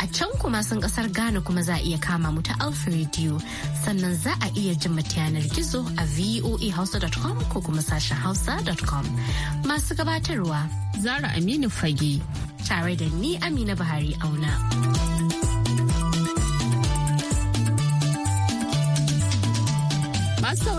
a can kuma sun kasar Ghana kuma za a iya kama mu ta Alpha Radio sannan za a iya jin yanar gizo a voahausa.com ko kuma sashen hausa.com masu gabatarwa Zara Aminu Fage tare da ni Amina Buhari Auna.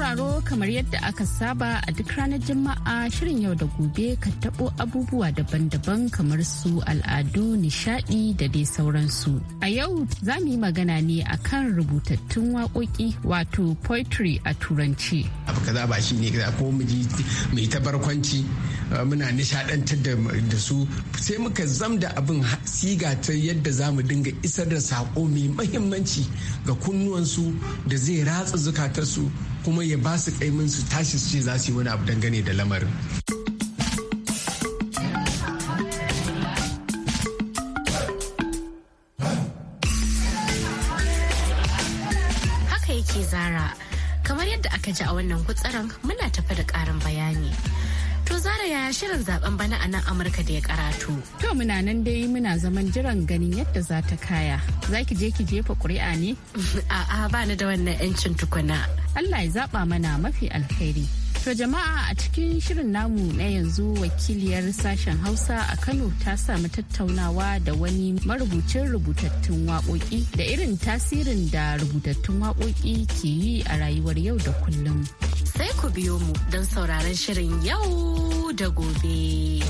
sauraro kamar yadda aka saba a duk ranar Juma'a shirin yau da gobe ka tabo abubuwa daban-daban kamar su al'adu, nishaɗi da dai sauransu. A yau za mu yi magana ne a kan rubutattun waƙoƙi wato poetry a turanci. Abu kaza ba shi ne ko mu ji mai tabarkwanci eh, muna nishadantar da su sai muka zam da abin siga ta yadda za mu dinga isar da saƙo mai mahimmanci ga kunnuwansu da zai ratsa zukatarsu kuma ya ba su kaimin su tashi su ce za su yi wani abu dangane da lamarin haka yake zara kamar yadda aka ji a wannan kutsaran muna tafa da ƙarin bayani To Zara ya shirin zaben bana a nan Amurka da ya karatu. To muna nan dai muna zaman jiran ganin yadda za ta kaya. Za ki je ki jefa ƙuri'a ne? A'a bani da wannan 'yancin tukuna. Allah ya zaba mana mafi alkhairi. To jama'a a cikin shirin namu na yanzu wakiliyar sashen Hausa a Kano ta samu tattaunawa da wani marubucin rubutattun waƙoƙi da irin tasirin da rubutattun waƙoƙi ke yi a rayuwar yau da kullum. Sai ku biyo mu don sauraron shirin yau da gobe.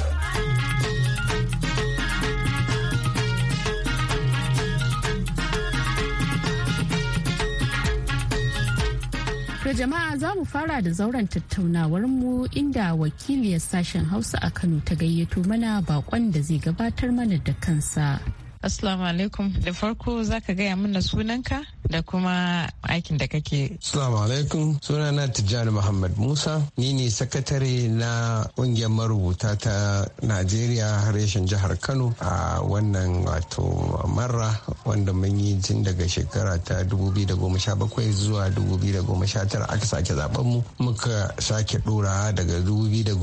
To jama'a za mu fara da zauren tattaunawar mu inda wakiliyar sashen Hausa a Kano ta gayyato mana bakon da zai gabatar mana da kansa. Assalamu alaikum. Da farko za ka gaya mana sunanka da kuma aikin da kake. Assalamu alaikum. Sunana Tijjani Muhammad Musa. Ni ne sakatare na ƙungiyar marubuta ta Najeriya reshen jihar Kano a wannan wato marra wanda mun yi tun daga shekara ta 2017 zuwa 2019 aka sake zaben mu muka sake dora daga 2019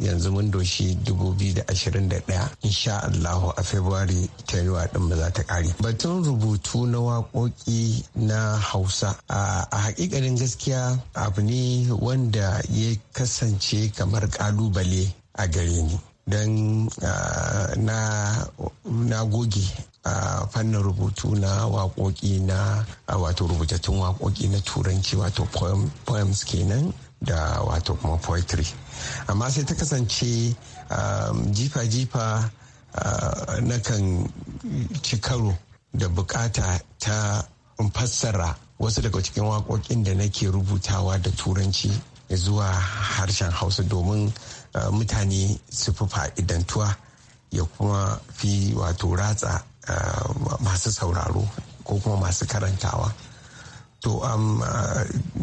yanzu mun doshi 2021 insha Allah a February cewa din ba za ta kare batun rubutu na waƙoƙi na hausa a hakikanin gaskiya abu ne wanda ya kasance kamar kalubale a gare ni don na goge a fannin rubutu na waƙoƙi na wato rubutattun waƙoƙi na turanci wato poems kenan da wato kuma poetry amma sai ta kasance jifa-jifa Ah, nakan ci karo da bukata ta fassara wasu daga cikin waƙoƙin da nake rubutawa da turanci zuwa harshen hausa domin ah, mutane su fi fa'idantuwa ya kuma fi wato ratsa ah, masu sauraro ko kuma masu karantawa to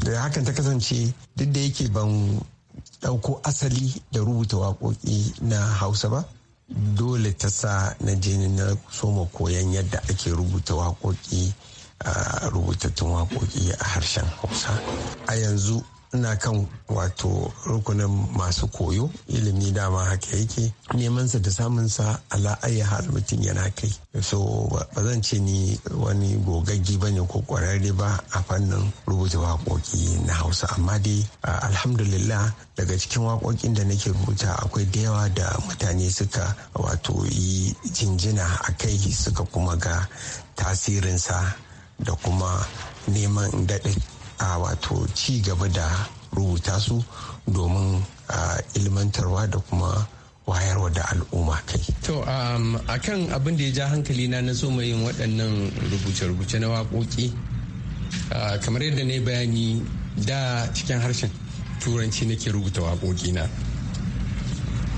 da hakan ta kasance duk da yake ban ɗauko asali da rubuta waƙoƙi na hausa ba dole ta sa na je na soma koyan yadda ake rubuta waƙoƙi a rubutattun waƙoƙi a harshen hausa a yanzu ina kan wato rukunin masu koyo ilimi dama haka yake nemansa da samunsa ala ayi hal mutum yana kai so ba zan ce ni wani gogaggi ba ne ko kwararre ba a fannin rubuta waƙoƙi na hausa amma dai alhamdulillah daga cikin waƙoƙin da nake rubuta akwai da yawa da mutane suka wato yi jinjina a kai suka kuma ga tasirinsa da kuma neman daɗe a wato ci gaba da rubuta su domin ilmantarwa da kuma wayarwa da al'umma kai. To um, a kan abin da ya ja hankali na na so yin waɗannan rubuce-rubuce na waƙoƙi kamar yadda na yi bayani da cikin harshen turanci nake rubuta waƙoƙi na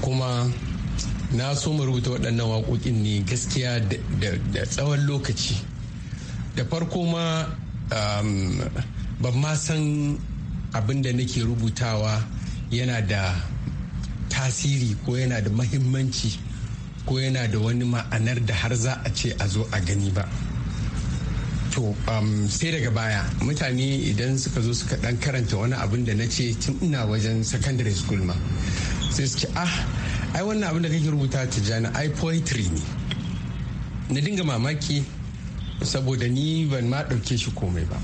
kuma na so mu rubuta waɗannan waƙoƙin ne gaskiya da tsawon lokaci da farko ma um, ban ma san abin da nake rubutawa yana da tasiri ko yana da mahimmanci ko yana da wani ma'anar da har za a ce a zo a gani ba to um, sai daga baya mutane idan suka zo suka dan karanta wani abin da na ce tun ina wajen secondary school ma sai suke a ah ai wannan abin da kake rubuta jana ai poetry ne na dinga mamaki saboda ni ban ma ɗauke shi komai ba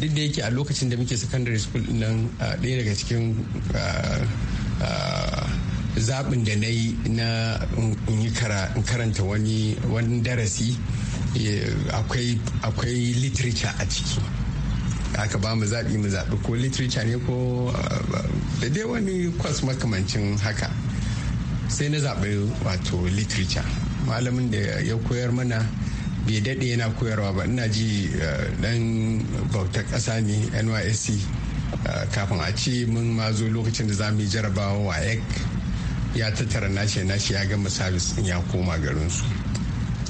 duk da yake a lokacin da muke secondary school nan ɗaya daga cikin zaɓin da na yi na in karanta wani wani darasi akwai literature a ciki aka ba mu zaɓi mu zaɓi ko literature ne ko da dai wani kwas makamancin haka sai na zaɓi wato literature malamin da ya koyar mana bai daɗe yana koyarwa ba ina ji eh, ɗan bauta ƙasa ne nysc eh, kafin a ce mun ma zo lokacin da za mu yi jarabawa wa ec ya tattara nashi nashi ya gama sabis ya koma garinsu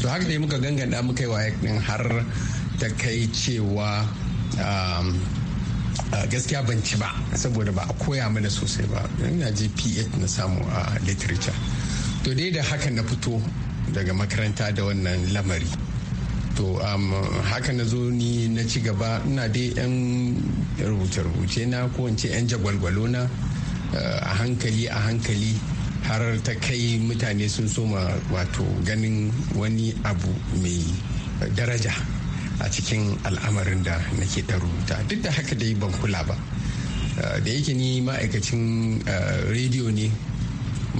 to haka dai muka ganganta muka yi wa ec din har ta kai cewa um, eh, gaskiya ban ci ba saboda ba a koya mana sosai ba ina ji p na samu a literature to dai da hakan na fito daga makaranta da wannan lamari to um, haka na zo ni na ci gaba ina dai yan rubuce-rubuce na ko yan jagwalgwalo na eh, a hankali a hankali har ta kai mutane sun soma wato ganin wani abu mai daraja a cikin al'amarin da nake ta rubuta duk da haka dai ban kula ba eh, da yake ni ma'aikacin eh, rediyo ne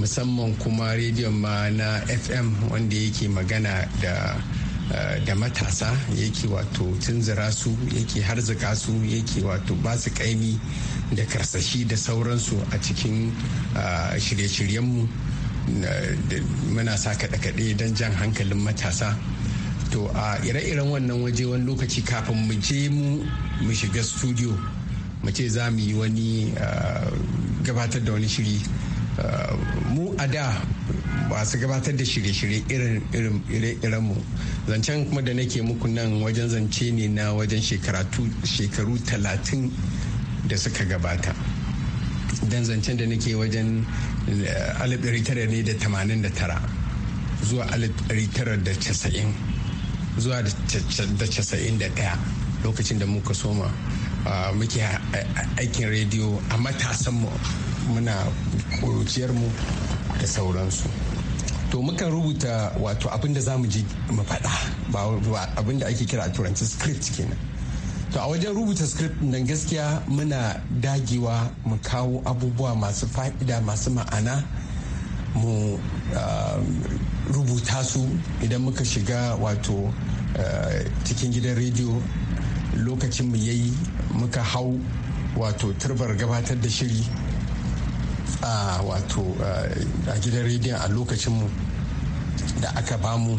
musamman kuma rediyon ma na fm wanda yake magana da Eh, da matasa yake wato tunzura su yake harzika su yake wato ba su kaimi da karsashi da sauransu a cikin eh, shirye-shiryenmu eh, muna sa kaɗe-kaɗe don jan hankalin matasa to a ire-iren wannan waje wani lokaci kafin mu je mu shiga studio mu ce za mu yi wani gabatar da wani shiri mu a da masu gabatar da shirye-shirye irin mu zancen kuma da nake muku nan wajen zance ne na wajen shekaru talatin da suka gabata don zancen da nake wajen eh, ne da da tamanin tara zuwa casa'in zuwa da casa'in da daya lokacin da muka soma ah, muke aikin rediyo a matasanmu muna ƙuruciyarmu da sauransu to mukan rubuta wato abin da za mu ji mu faɗa ba abin ake kira a turanci script kenan to a wajen rubuta script nan gaskiya muna dagewa mu kawo abubuwa masu fa'ida masu ma'ana mu um, rubuta su idan muka shiga wato uh, cikin gidan rediyo lokacin mu yayi muka hau wato turbar gabatar da shiri a wato a gidan rediyon a lokacin mu da aka bamu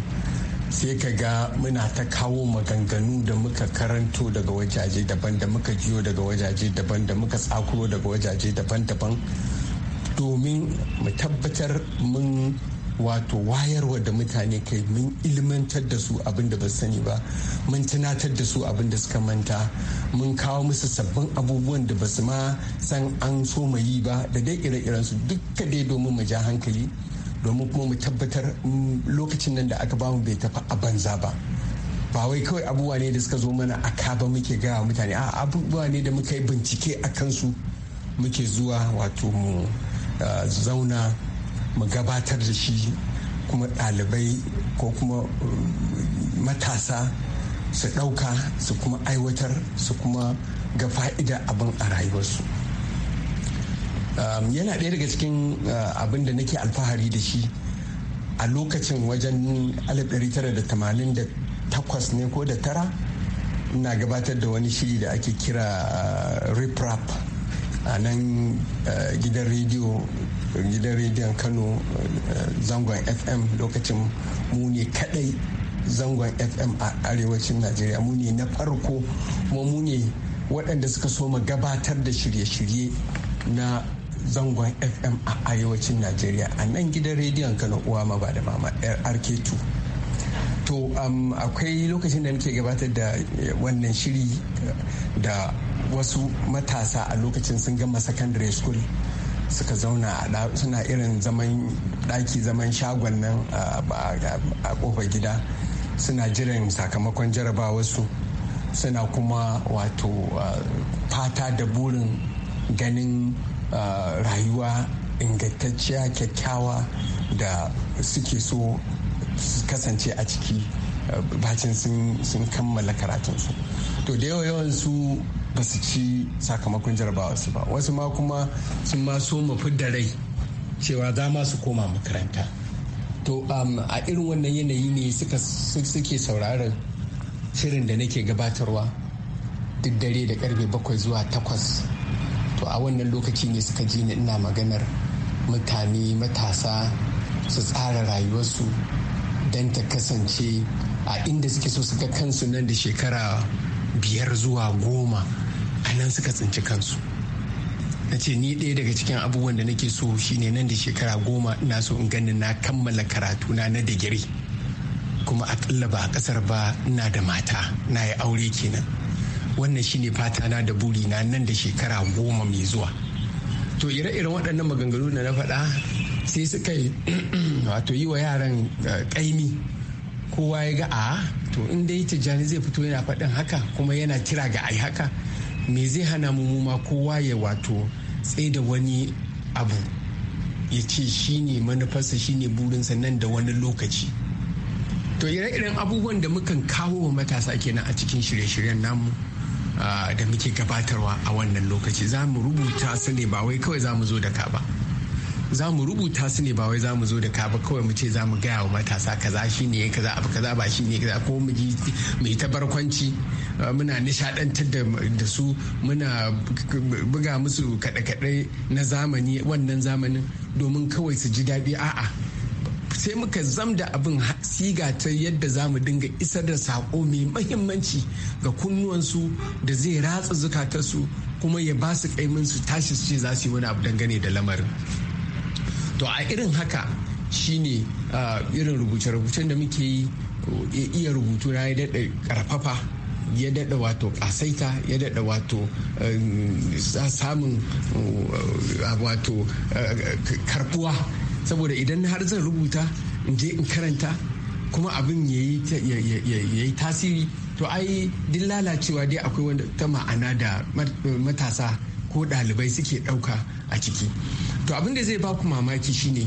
sai ka ga muna ta kawo maganganu da muka karanto daga wajaje daban da muka jiyo daga wajaje daban da muka tsakuro daga wajaje daban-daban domin mu tabbatar mun wato wayarwa da mutane kai mun ilmantar da su abin da ba sani ba mun tunatar da su abin da suka manta mun kawo musu sabbin abubuwan da ba su ma san an so yi ba da dai ire-iren su dukka dai domin mu ja hankali domin kuma mu tabbatar mm, lokacin nan da aka bamu bai tafi a banza ba ba wai kawai abubuwa ne da suka zo mana a kaba muke gaya mutane a abubuwa ne da muka yi bincike a kansu muke zuwa wato mu eh, zauna mu gabatar da shi kuma ɗalibai ko kuma uh, matasa su ɗauka su kuma aiwatar su kuma ga fa'ida abin a rayuwarsu um, yana ɗaya daga cikin uh, abin da nake alfahari da shi a lokacin wajen 1988 ne ko da tara ina gabatar da wani shiri da ake kira uh, riprap a nan gidan rediyo gidan rediyon kano zangon fm lokacin mu ne kadai zangon fm a arewacin najeriya mu na farko kuma mu ne waɗanda suka soma gabatar da shirye-shirye na zangon fm a arewacin najeriya a nan gidan rediyon kano uwa ma ba da mama rk2 to um, akwai lokacin da nake gabatar da eh, wannan shiri eh, da wasu matasa a lokacin sun gama secondary school suka zauna suna irin zaman daki zaman shagon nan a kofar gida suna jiran sakamakon su suna kuma wato fata da burin ganin rayuwa ingantacciya kyakkyawa da suke so su kasance a ciki bacin sun kammala karatunsu to da yawa yawan su basu ci sakamakon jarabawa su ba wasu ma kuma sun ma so mafi da rai cewa za ma su koma makaranta to um, a irin wannan yanayi ne suke sauraron shirin da nake gabatarwa duk dare da karfe bakwai zuwa takwas to a wannan lokaci ne suka ji ina maganar mutane matasa su tsara rayuwarsu don ta kasance a inda suke so su ga kansu nan da shekara biyar zuwa goma a nan suka tsinci kansu na ce ni ɗaya daga cikin abubuwan da nake so shine nan da shekara goma na so in gani na kammala karatuna na digiri kuma akalla ba a ƙasar ba ina da mata na yi aure kenan wannan shine fata na da buri na nan da shekara goma mai zuwa to ire-iren waɗannan maganganu da na faɗa sai suka yi wato yi wa yaran eh, ƙaimi kowa ya ga a to in dai tijjani zai fito yana faɗin haka kuma yana kira ga ai haka me zai hana mu ma kowa ya wato tsaye da wani abu ya ce shine manufarsa shine burinsa nan da wani lokaci to ire-iren abubuwan da mukan kawo wa matasa kenan a cikin shirye-shiryen namu ah, da muke gabatarwa a wannan lokaci za mu rubuta su ne ba wai kawai za mu zo da ka ba za mu rubuta su ne ba wai za mu zo da ka ba kawai mu ce za mu gaya wa matasa kaza shi ne kaza abu kaza ba shi ne kaza ko mu ji mai ta barkwanci eh, muna nishadantar da su muna buga musu kaɗe-kaɗe na zamani wannan zamanin domin kawai su ji daɗi a'a sai muka zam da abin siga ta yadda za mu dinga isar da saƙo mai mahimmanci ga kunnuwansu da zai ratsa zukatarsu kuma ya ba su kaimin su tashi su ce za su yi wani abu dangane da lamarin to a irin haka shine irin rubuce-rubucen da muke yi iya rubutu na ya daɗa ƙarfafa ya daɗa wato ƙasaita ya daɗa wato um, samun uh, uh, wato uh, karbuwa saboda idan har zan rubuta in je in karanta kuma abin ya yi tasiri to ai din lalacewa dai akwai wanda ta ma'ana da matasa ko ɗalibai suke ɗauka a ciki to abin da zai baku ku mamaki shine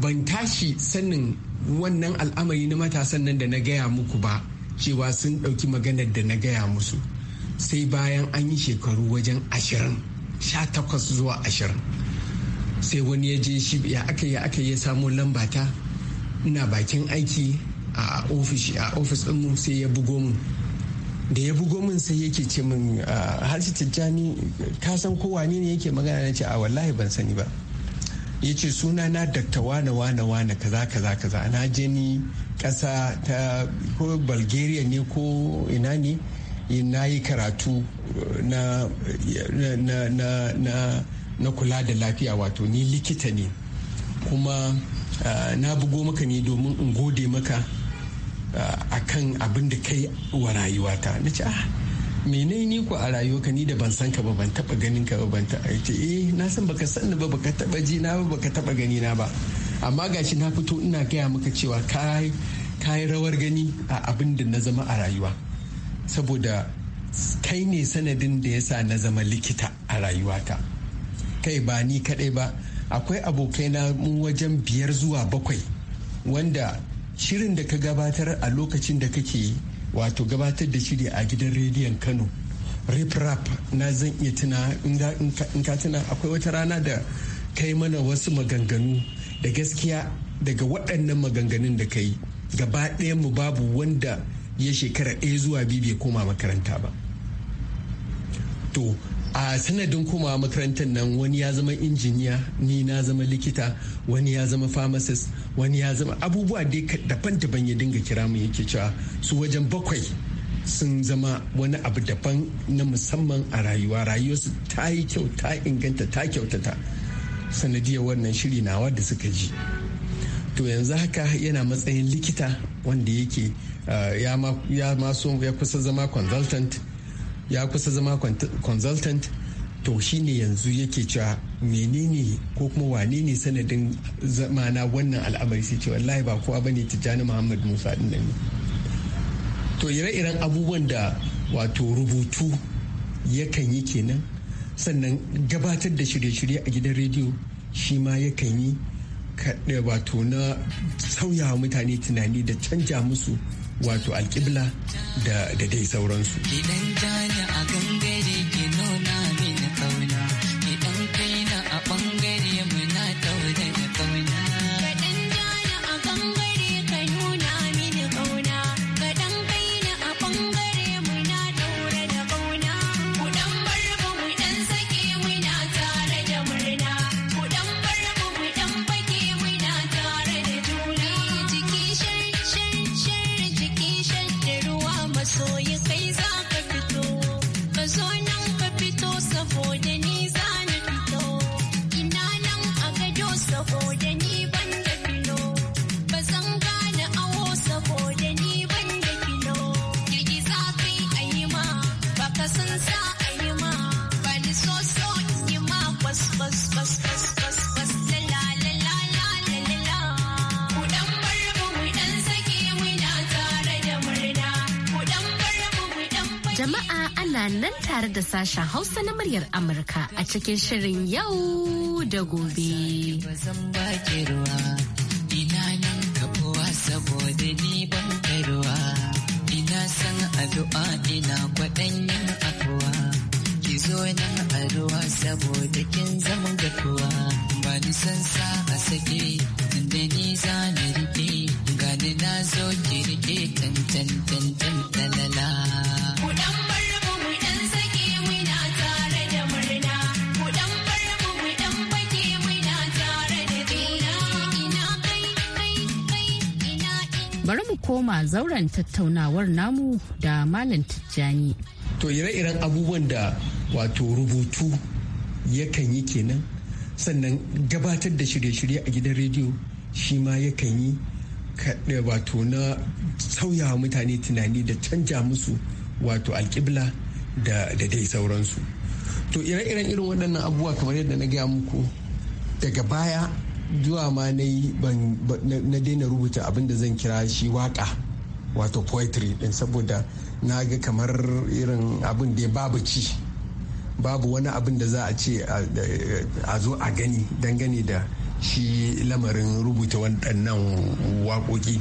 ban tashi sannin wannan al'amari na matasan nan da na gaya muku ba cewa sun ɗauki maganar da na gaya musu sai bayan an yi shekaru wajen ashirin sha takwas zuwa ashirin sai wani ya je shi ya aka ya aka ya samo lambata ina bakin aiki a ofis a ofis ɗinmu sai ya bugo mu da ya bugo min sai yake ce min ah, harshe tijjani ka san kowa ne yake magana na ce a ah, wallahi ban sani ba ya ce suna na dakta wane wane wane kaza kaza kaza na je kasa ta ko bulgaria ne ko ina ne na yi karatu na, kula da lafiya wato ni likita ne kuma na bugo maka ne domin in gode maka akan abin da kai wa rayuwata na ce ah mene ni ku a rayuwa ni da ban san ka ba ban taba ganin ka ba ban taba ce eh na san baka san ba baka taba ji na ba baka taba gani na ba amma gashi na fito ina gaya maka cewa kai kai rawar gani a abin da na zama a rayuwa saboda kai ne sanadin da yasa na zama likita a rayuwata kai ba ni kadai ba akwai abokai na mu wajen biyar zuwa bakwai wanda shirin da ka gabatar a lokacin da kake wato gabatar da shiri a gidan rediyon kano rap na zan iya tuna in ka tuna akwai wata rana da kai mana wasu maganganu da gaskiya daga waɗannan maganganun da kai gaba ɗaya mu babu wanda ya shekara ɗaya zuwa biyu bai koma makaranta ba to a sanadin kuma makarantar nan wani ya zama injiniya ni na zama likita wani ya zama pharmacist wani ya zama abubuwa da daban-daban ya dinga kira mu yake cewa su wajen bakwai sun zama wani abu daban na musamman a rayuwa rayuwarsu ta yi kyau ta inganta ta kyautata sanadiyar wannan shiri nawa da suka ji to yanzu haka yana matsayin likita wanda yake ah, ya ya kusa zama consultant ya kusa zama consultant to shine yanzu yake cewa menene ko kuma wane ne sanadin zamana wannan al'amari sai ce wallahi ba kowa bane tijjani muhammad musa din nan to ire-iren abubuwan da wato rubutu yakan yi kenan sannan gabatar da shirye-shirye a gidan rediyo shi ma yakan yi eh, wato na sauya mutane tunani da canja musu wato alƙibla da dai sauransu. jama'a ana nan tare da sashen Hausa na muryar Amurka a cikin shirin yau da gobe. Ina nan kafuwa saboda ni ban ruwa. Ina san addu'a ina kwaɗanyen afuwa. Ki zo nan a ruwa saboda kin zama gafuwa. Ba ni san sa a sake, tunda ni za na riƙe. gobe na zo kirke tantantantan talala. Kudan barbu mu da murna. mu kai kai kai ina ina. Bari mu koma zauren tattaunawar namu da Malam Tijjani. To ire-iren abubuwan da wato rubutu yakan yi kenan sannan gabatar da shirye-shirye a gidan rediyo shi ma yakan yi wato na sauya mutane tunani da canja musu wato alƙibla da dai sauransu to ire-iren irin waɗannan abubuwa kamar yadda na gaya muku daga baya zuwa ma na yi na daina rubuta abin da zan kira shi waka wato poetry ɗin saboda na ga kamar irin abin da babu ci babu wani abin da za a ce a zo a gani dangane da shi lamarin rubuta waɗannan waƙoƙi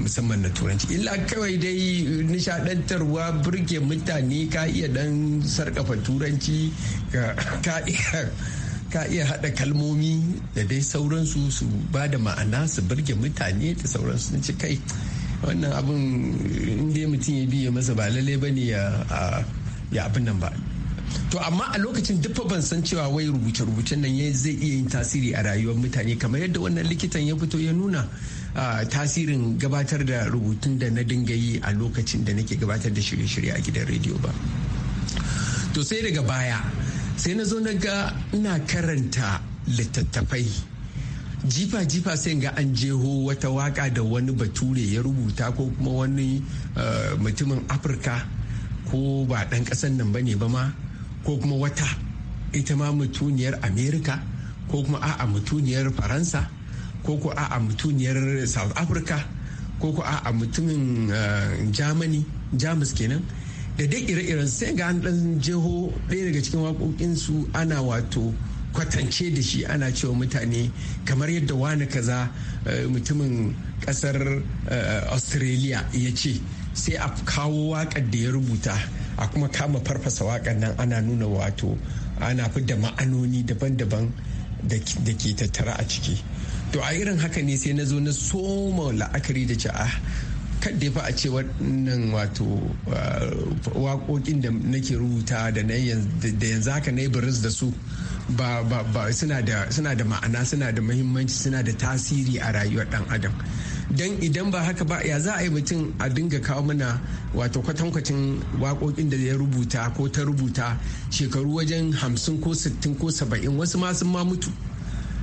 musamman na turanci illa kawai dai nishadantarwa burge mutane ka iya dan sarkafa turanci ka iya haɗa kalmomi da dai sauransu su ba da ma'ana su burge mutane da sauransu sun ci kai wannan abin inda mutum ya biya masa ba lalle ba ne ya abin nan ba to amma a lokacin duk ban san cewa wai rubuce-rubucen nan zai iya yin tasiri a rayuwar mutane kamar yadda wannan likitan ya fito ya nuna tasirin gabatar da rubutun da na dinga yi a lokacin da nake gabatar da shirye-shirye a gidan rediyo ba to sai daga baya sai na zo na ga ina karanta littattafai jifa-jifa sai ga an jeho wata waka da wani bature ya rubuta ko kuma wani mutumin afirka ko ba dan ƙasan nan ba ne ba ma ko kuma wata ita ma mutuniyar amerika ko kuma a'a mutuniyar faransa ko ko a'a mutuniyar south africa ko ko a'a mutumin eh, germany jamus kenan da duk ire-iren sai ga an dan jeho ɗaya daga cikin waƙoƙinsu ana wato kwatance da shi ana cewa mutane kamar yadda wani kaza eh, mutumin ƙasar eh, australia ya ce sai a kawo waƙar da ya rubuta a kuma kama farfasa waƙar nan ana nuna wato ana fidda ma'anoni daban-daban da ke tattara a ciki to a irin haka ne sai na zo na soma la'akari da ja'a ah, kadda fa a ce wannan wato ah, waƙoƙin da nake rubuta da yanzu haka na yi da su ba suna da ma'ana suna da mahimmanci suna da tasiri a rayuwar ɗan adam don idan ba haka ba ya za a yi mutum a dinga kawo mana wato kwatankwacin waƙoƙin da ya rubuta ko ta rubuta shekaru wajen hamsin ko sittin ko saba'in wasu ma sun ma mutu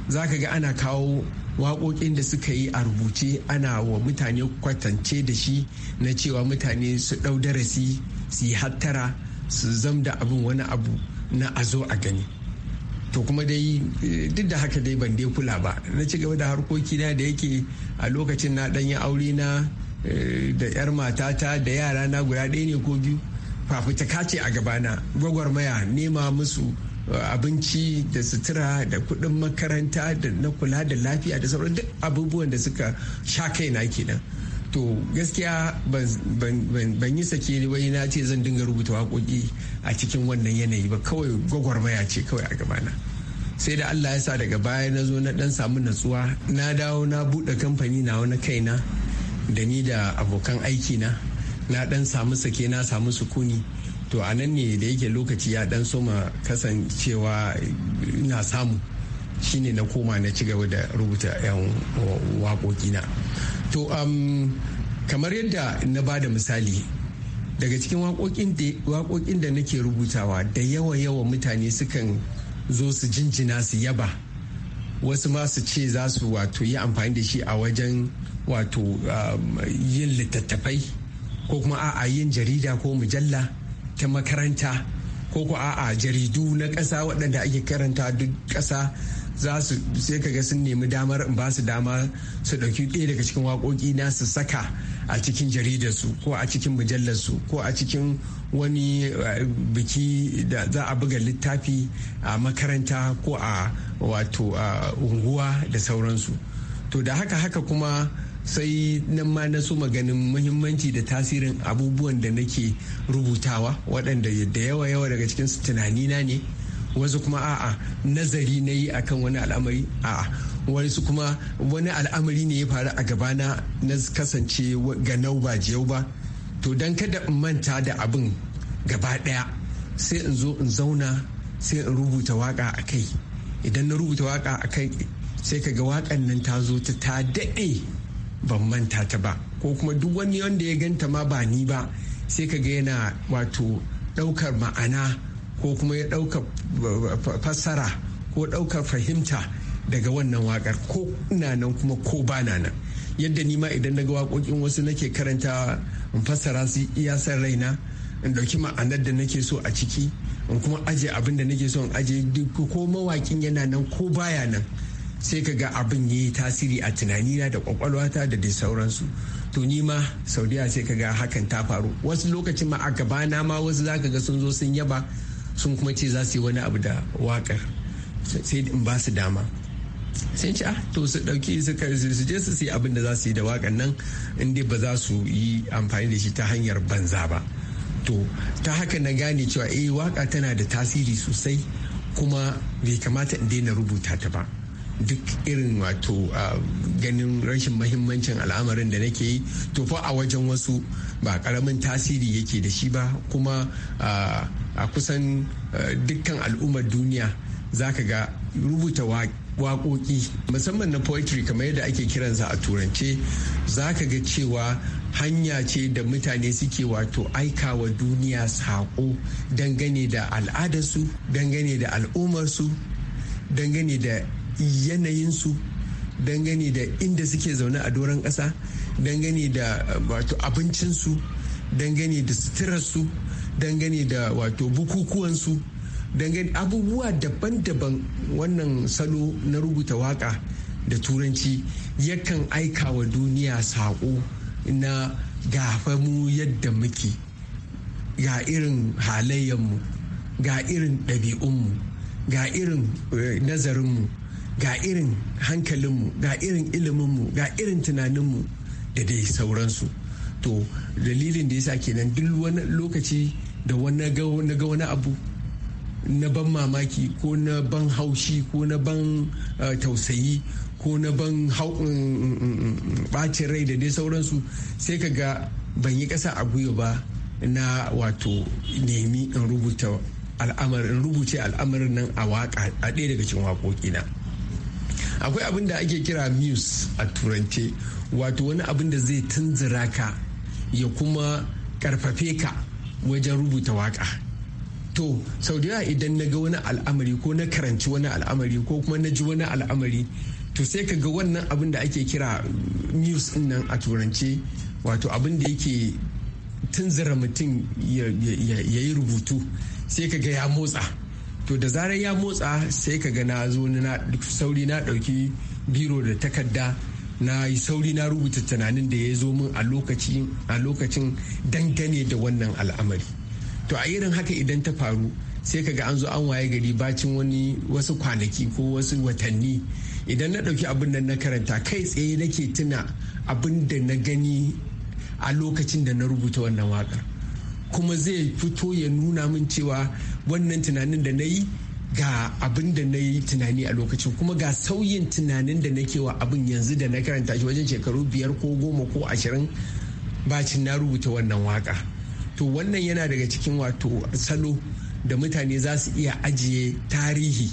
za ka ga ana kawo waƙoƙin da suka yi a rubuce ana wa mutane kwatance da shi na cewa mutane su ɗau darasi su yi hattara su da abin wani abu na azo a gani to kuma dai eh, duk da haka dai ban dai kula ba na ci gaba da harkoki na da yake a lokacin na ɗanyi aure na eh, da 'yar matata da yara na guda ɗaya ne ko biyu fafutuka ce a gabana gwagwarmaya nema musu eh, abinci da sutura da kuɗin makaranta da na kula da lafiya da sauran duk abubuwan da suka sha kaina kenan. to gaskiya ban yi sake wani na ce zan dinga rubuta waƙoƙi a cikin wannan yanayi ba kawai gwagwarmaya ce kawai a gabana sai da allah ya sa daga baya na zo na dan samu natsuwa na dawo na buɗe kamfani na wani kaina da ni da abokan aiki na na dan samu sake na samu sukuni to a nan ne da yake lokaci ya dan soma kasancewa na samu shine na koma na ci gaba da rubuta 'yan waƙoƙina to um, kamar yadda na ba da misali daga cikin waƙoƙin da nake rubutawa da yawa-yawa mutane sukan zo su jinjina su yaba wasu ma su ce za su wato yi amfani da shi a wajen wato um, yin littattafai ko kuma a'a yin jarida ko mujalla ta makaranta ko ku a'a jaridu na ƙasa waɗanda ake karanta duk ƙasa za su sai kaga sun nemi damar ba su dama su ɗauki ɗaya daga cikin waƙoƙi na su saka a cikin jaridarsu ko a cikin mujallarsu ko a cikin wani eh, biki da za a buga littafi a makaranta ko a wato a unguwa da sauransu to da haka haka kuma sai nan ma na so maganin muhimmanci da tasirin abubuwan da nake rubutawa waɗanda da yawa yawa daga cikin tunanina ne wasu kuma a'a nazari na yi a kan wani al'amari a'a wasu kuma wani al'amari ne ya faru a gabana na kasance ga nau ba jiyau ba to don kada in manta da abin gaba daya sai in zo in zauna sai in rubuta waka a kai idan na rubuta waka a kai sai ka ga wakan nan ta zo ta ta daɗe ban manta ta ba ko kuma duk wani wanda ya ganta ma ba ni ba sai ka ga yana wato ɗaukar ma'ana ko kuma ya ɗauka eh, fassara ko ɗaukar fahimta daga wannan wakar ko ina nan kuma ko na nan yadda nima idan daga waƙoƙin wasu nake karantawa in fassara su iya san raina in ɗauki ma'anar da nake so a ciki in kuma aje abin da nake so in aje ko mawaƙin yana nan ko baya nan sai ka ga abin ya yi tasiri a tunanina da ƙwaƙwalwata da dai sauransu to ni ma saudiya sai ka ga hakan ta faru wasu lokacin ma a gabana ma wasu zaka ga sun zo sun yaba sun kuma ce za su yi wani abu da wakar sai in ba su dama sai ce ah to su dauki su je su sai abin da za su yi da wakan nan inda ba za su yi amfani da shi ta hanyar banza ba to ta haka na gane cewa eh waka tana da tasiri sosai kuma bai kamata in daina rubuta ta ba duk irin wato ganin rashin mahimmancin al'amarin da nake yi to fa a wajen wasu ba karamin tasiri yake da shi ba kuma a kusan dukkan al'ummar duniya za ka ga rubuta waƙoƙi musamman na poetry kamar yadda ake kiransa a turance za ka ga cewa hanya ce da mutane suke wato aika wa duniya saƙo dangane da al'adarsu dangane da al'ummarsu dangane da yanayinsu dangane da inda suke zaune a doron ƙasa dangane da wato abincinsu dangane da suturarsu dangane da wato bukukuwansu dangane abubuwa daban-daban wannan salo na rubuta waka da turanci yakan aika wa duniya saƙo na gafa mu yadda muke ga irin halayenmu ga irin ɗabi'unmu ga irin eh, nazarinmu ga irin hankalinmu ga irin iliminmu ga irin tunaninmu da dai sauransu to dalilin da yasa kenan duk wani lokaci da wani ga wani abu na ban mamaki ko na ban haushi ko na ban eh, tausayi ko na ban bacin mm, mm, mm, rai da dai sauransu sai ka ga ban yi kasa a gwiwa ba na wato nemi in rubuta al'amarin rubuce al'amarin nan a waka a ɗaya daga cikin waƙoƙina akwai abin da ake kira muse a turance wato wani abin da zai tunzura ka ya kuma karfafe ka wajen rubuta waka to sau da idan na ga wani al'amari ko na karanci wani al'amari ko kuma na ji wani al'amari to sai ka ga wannan abin da ake kira muse din nan a turance wato abin da yake tunzura mutum ya yi rubutu sai ka ga ya motsa to da zarar ya motsa sai ka ga na zo na sauri na dauki biro da takarda na yi sauri na rubuta tunanin da ya zo min a lokacin dangane da wannan al'amari to a irin haka idan ta faru sai ka ga an zo an waye gari bacin wani wasu kwanaki ko wasu watanni idan na dauki abin nan na karanta kai tsaye nake tuna abin da na gani a lokacin da na rubuta wannan waƙar kuma zai fito ya nuna min cewa wannan tunanin da na yi ga abin da na yi tunani a lokacin kuma ga sauyin tunanin da nake wa abin yanzu da na karanta shi wajen shekaru biyar ko goma ko ashirin bacin na rubuta wannan waka to wannan yana daga cikin wato salo da mutane za su iya ajiye tarihi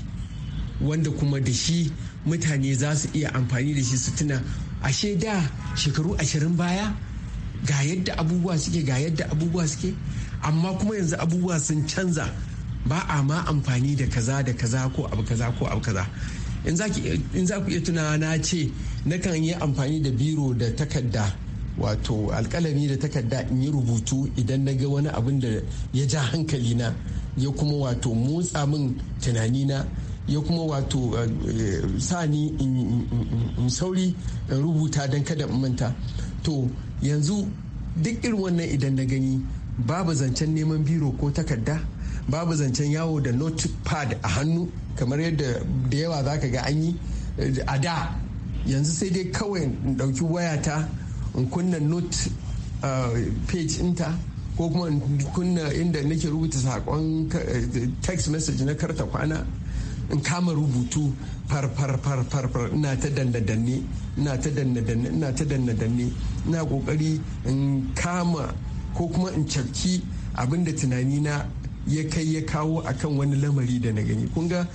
wanda kuma da shi mutane za su iya amfani da shi su tuna ashe da shekaru ashirin baya ga yadda abubuwa suke ga yadda abubuwa suke amma kuma yanzu abubuwa sun canza ba a ma amfani da kaza da kaza ko abu kaza ko abu kaza in za ku iya tuna na ce nakan yi amfani da biro da takarda wato alkalami da takarda in yi rubutu idan na ga wani abin da ya ja hankali na ya kuma wato motsa min tunani na ya kuma wato eh, sani in sauri in rubuta don kada in manta to yanzu duk irin wannan idan na gani babu zancen neman biro ko takarda babu zancen yawo da notepad a hannu kamar yadda da yawa za ka ga an yi eh, a da yanzu sai dai kawai in ɗauki wayata in kunna note eh, page inta ko kuma in kunna inda nake rubuta saƙon eh, text message na karta kwana in kama rubutu far far far far far ina ta danna danne ina ta danna danne ina ta danna danne na kokari in kama ko kuma in cafki abinda tunani na ya kai ya kawo akan wani lamari da na gani kun ga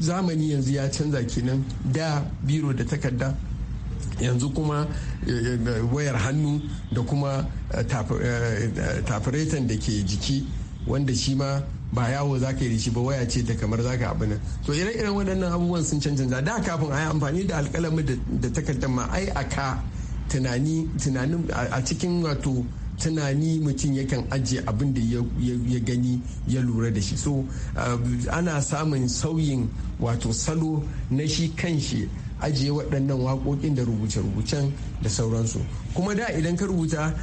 zamani yanzu ya canza kenan da biro da takarda yanzu kuma eh, eh, wayar hannu da kuma eh, tafiretan da ke jiki wanda shi ma ba yawo za ka yi da shi ba waya ce da kamar za ka abu nan to ire iren waɗannan abubuwan sun canza da kafin a yi amfani da alƙalamin da takardar ma ai a ka tunani a cikin wato tunani mutum yakan ajiye abin da ya gani ya lura da shi so uh, ana samun sauyin wato salo na shi kan shi ajiye waɗannan waƙoƙin da rubuce-rubucen da sauransu kuma da idan ka rubuta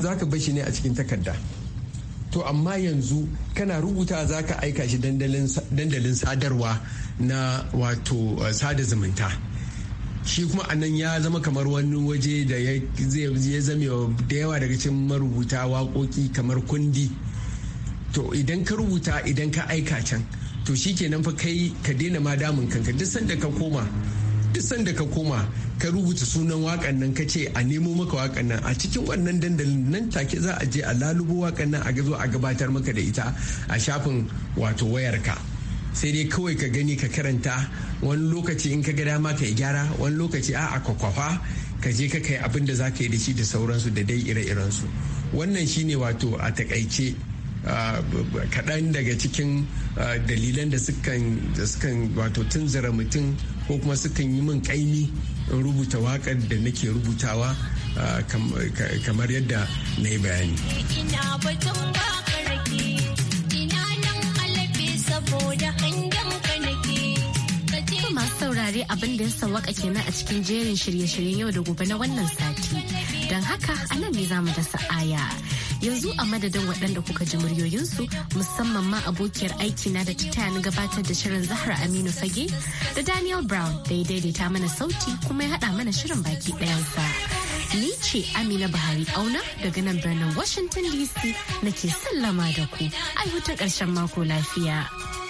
za ka bashi ne a cikin takarda to amma yanzu kana rubuta za ka aika shi dandalin sadarwa na wato eh, sada zumunta shi kuma anan ya zama kamar wani waje da ya zame da yawa daga cikin marubuta waƙoƙi kamar kundi to idan ka rubuta idan ka aika can to shi kenan fa kai ka daina ma damun kanka duk sanda ka koma duk sanda ka koma ka rubuta sunan wakan nan ka ce a nemo maka wakan nan a cikin wannan dandalin nan take za a je a lalubo wakan nan a zo a gabatar maka da ita a shafin wato wayarka sai dai kawai ka gani ka karanta wani lokaci in ka ga dama ka yi gyara wani lokaci a a kwakwafa ka je ka kai abin da za ka yi da shi da sauransu da dai ire-irensu wannan shine wato a takaice kaɗan daga cikin dalilan da sukan wato tunzura mutum ko kuma sukan yi min kaimi in rubuta wakar da nake rubutawa kamar yadda na yi bayani saurare abin da ya sawaka kenan a cikin jerin shirye-shiryen yau da gobe na wannan sati don haka a nan ne za mu dasa aya yanzu a madadin waɗanda kuka ji muryoyinsu musamman ma abokiyar aiki na da ta na gabatar da shirin zahra aminu fage da daniel brown da ya daidaita mana sauti kuma ya haɗa mana shirin baki ɗayansa ni ce amina buhari auna daga nan birnin washington dc nake sallama da ku ai hutun ƙarshen mako lafiya.